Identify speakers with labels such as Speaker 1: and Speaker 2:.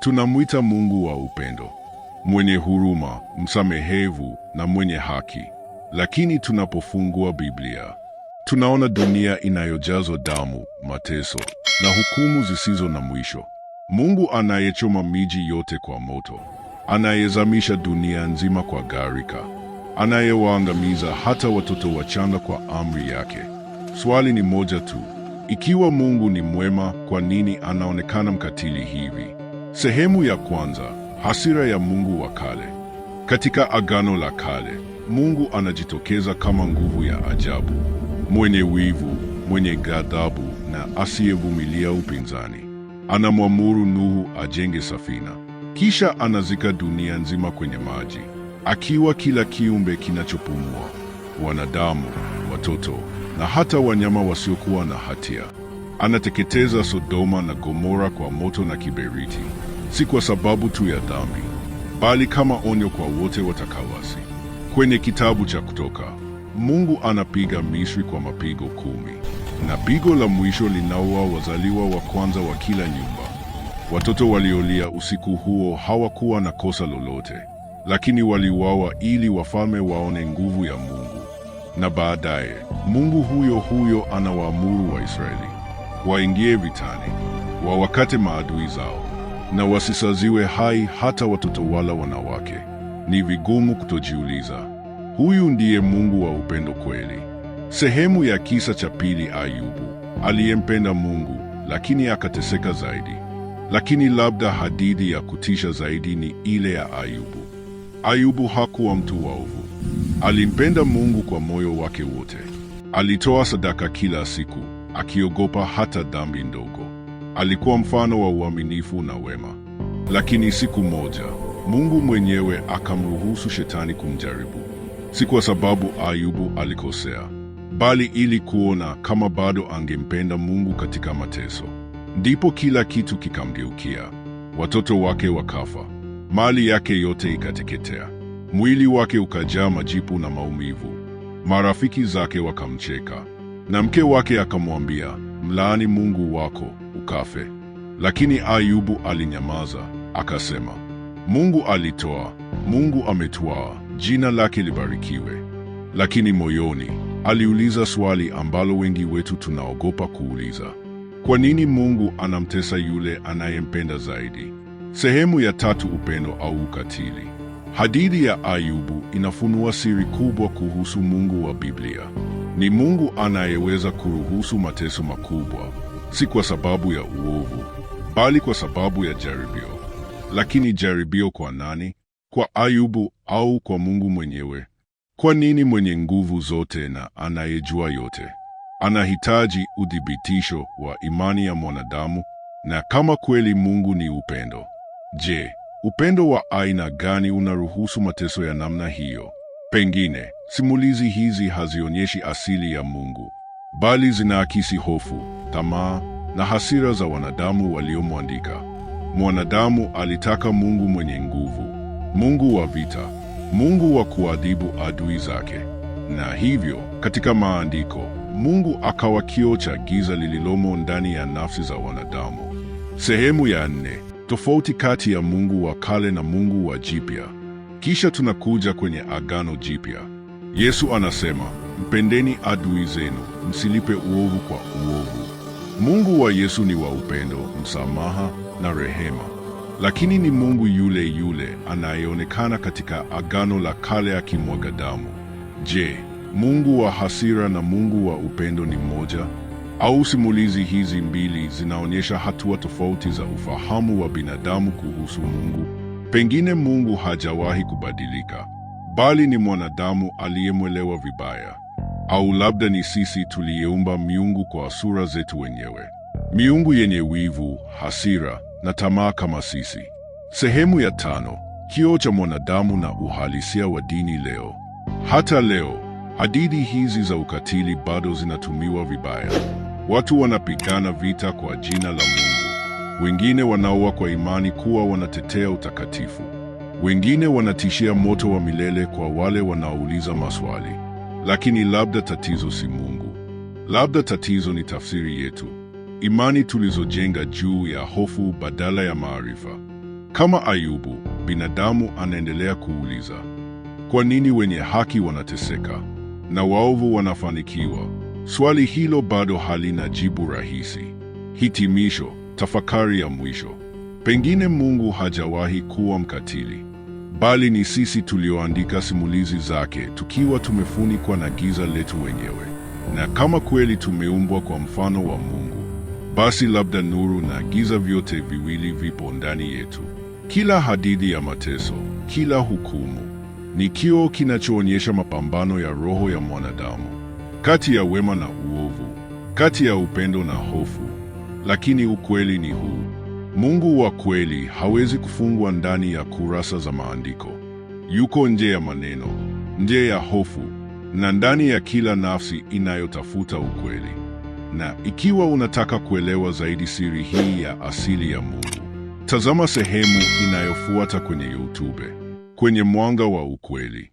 Speaker 1: tunamwita Mungu wa upendo, mwenye huruma, msamehevu na mwenye haki. Lakini tunapofungua Biblia tunaona dunia inayojazwa damu, mateso na hukumu zisizo na mwisho. Mungu anayechoma miji yote kwa moto, anayezamisha dunia nzima kwa gharika, anayewaangamiza hata watoto wachanga kwa amri yake. Swali ni moja tu: ikiwa Mungu ni mwema, kwa nini anaonekana mkatili hivi? Sehemu ya kwanza: hasira ya Mungu wa kale. Katika Agano la Kale, Mungu anajitokeza kama nguvu ya ajabu, mwenye wivu, mwenye ghadhabu na asiyevumilia upinzani. Anamwamuru Nuhu ajenge safina, kisha anazika dunia nzima kwenye maji, akiwa kila kiumbe kinachopumua, wanadamu, watoto na hata wanyama wasiokuwa na hatia. Anateketeza Sodoma na Gomora kwa moto na kiberiti si kwa sababu tu ya dhambi, bali kama onyo kwa wote watakaoasi. Kwenye kitabu cha Kutoka, Mungu anapiga Misri kwa mapigo kumi, na pigo la mwisho linaua wazaliwa wa kwanza wa kila nyumba. Watoto waliolia usiku huo hawakuwa na kosa lolote, lakini waliuawa ili wafalme waone nguvu ya Mungu. Na baadaye Mungu huyo huyo anawaamuru Waisraeli waingie vitani, wawakate maadui zao na wasisaziwe hai hata watoto wala wanawake. Ni vigumu kutojiuliza, huyu ndiye Mungu wa upendo kweli? Sehemu ya kisa cha pili, Ayubu aliyempenda Mungu lakini akateseka zaidi. Lakini labda hadithi ya kutisha zaidi ni ile ya Ayubu. Ayubu hakuwa mtu waovu, alimpenda Mungu kwa moyo wake wote. Alitoa sadaka kila siku, akiogopa hata dhambi ndogo alikuwa mfano wa uaminifu na wema. Lakini siku moja Mungu mwenyewe akamruhusu shetani kumjaribu, si kwa sababu Ayubu alikosea, bali ili kuona kama bado angempenda Mungu katika mateso. Ndipo kila kitu kikamgeukia. Watoto wake wakafa, mali yake yote ikateketea, mwili wake ukajaa majipu na maumivu. Marafiki zake wakamcheka, na mke wake akamwambia, mlaani Mungu wako ukafe. Lakini Ayubu alinyamaza, akasema, Mungu alitoa, Mungu ametwaa, jina lake libarikiwe. Lakini moyoni aliuliza swali ambalo wengi wetu tunaogopa kuuliza: kwa nini Mungu anamtesa yule anayempenda zaidi? Sehemu ya tatu: upendo au ukatili. Hadithi ya Ayubu inafunua siri kubwa kuhusu Mungu wa Biblia. Ni Mungu anayeweza kuruhusu mateso makubwa si kwa sababu ya uovu, bali kwa sababu ya jaribio. Lakini jaribio kwa nani? Kwa Ayubu au kwa Mungu mwenyewe? Kwa nini mwenye nguvu zote na anayejua yote anahitaji udhibitisho wa imani ya mwanadamu? Na kama kweli Mungu ni upendo, je, upendo wa aina gani unaruhusu mateso ya namna hiyo? Pengine simulizi hizi hazionyeshi asili ya Mungu, bali zinaakisi hofu, tamaa na hasira za wanadamu waliomwandika. Mwanadamu alitaka Mungu mwenye nguvu, Mungu wa vita, Mungu wa kuadhibu adui zake. Na hivyo katika maandiko, Mungu akawa kioo cha giza lililomo ndani ya nafsi za wanadamu. Sehemu ya nne: tofauti kati ya Mungu wa kale na Mungu wa jipya. Kisha tunakuja kwenye Agano Jipya. Yesu anasema Mpendeni adui zenu, msilipe uovu kwa uovu. Mungu wa Yesu ni wa upendo, msamaha na rehema, lakini ni Mungu yule yule anayeonekana katika Agano la Kale akimwaga damu. Je, Mungu wa hasira na Mungu wa upendo ni mmoja? Au simulizi hizi mbili zinaonyesha hatua tofauti za ufahamu wa binadamu kuhusu Mungu? Pengine Mungu hajawahi kubadilika, bali ni mwanadamu aliyemwelewa vibaya au labda ni sisi tuliyeumba miungu kwa sura zetu wenyewe, miungu yenye wivu, hasira na tamaa kama sisi. Sehemu ya tano: kio cha mwanadamu na uhalisia wa dini leo. Hata leo hadithi hizi za ukatili bado zinatumiwa vibaya. Watu wanapigana vita kwa jina la Mungu, wengine wanaoa kwa imani kuwa wanatetea utakatifu, wengine wanatishia moto wa milele kwa wale wanaouliza maswali. Lakini labda tatizo si Mungu, labda tatizo ni tafsiri yetu, imani tulizojenga juu ya hofu badala ya maarifa. Kama Ayubu, binadamu anaendelea kuuliza, kwa nini wenye haki wanateseka na waovu wanafanikiwa? Swali hilo bado halina jibu rahisi. Hitimisho, tafakari ya mwisho. Pengine Mungu hajawahi kuwa mkatili bali ni sisi tulioandika simulizi zake tukiwa tumefunikwa na giza letu wenyewe. Na kama kweli tumeumbwa kwa mfano wa Mungu, basi labda nuru na giza vyote viwili vipo ndani yetu. Kila hadithi ya mateso, kila hukumu ni kio kinachoonyesha mapambano ya roho ya mwanadamu kati ya wema na uovu, kati ya upendo na hofu. Lakini ukweli ni huu. Mungu wa kweli hawezi kufungwa ndani ya kurasa za maandiko. Yuko nje ya maneno, nje ya hofu na ndani ya kila nafsi inayotafuta ukweli. Na ikiwa unataka kuelewa zaidi siri hii ya asili ya Mungu, tazama sehemu inayofuata kwenye YouTube, Kwenye Mwanga wa Ukweli.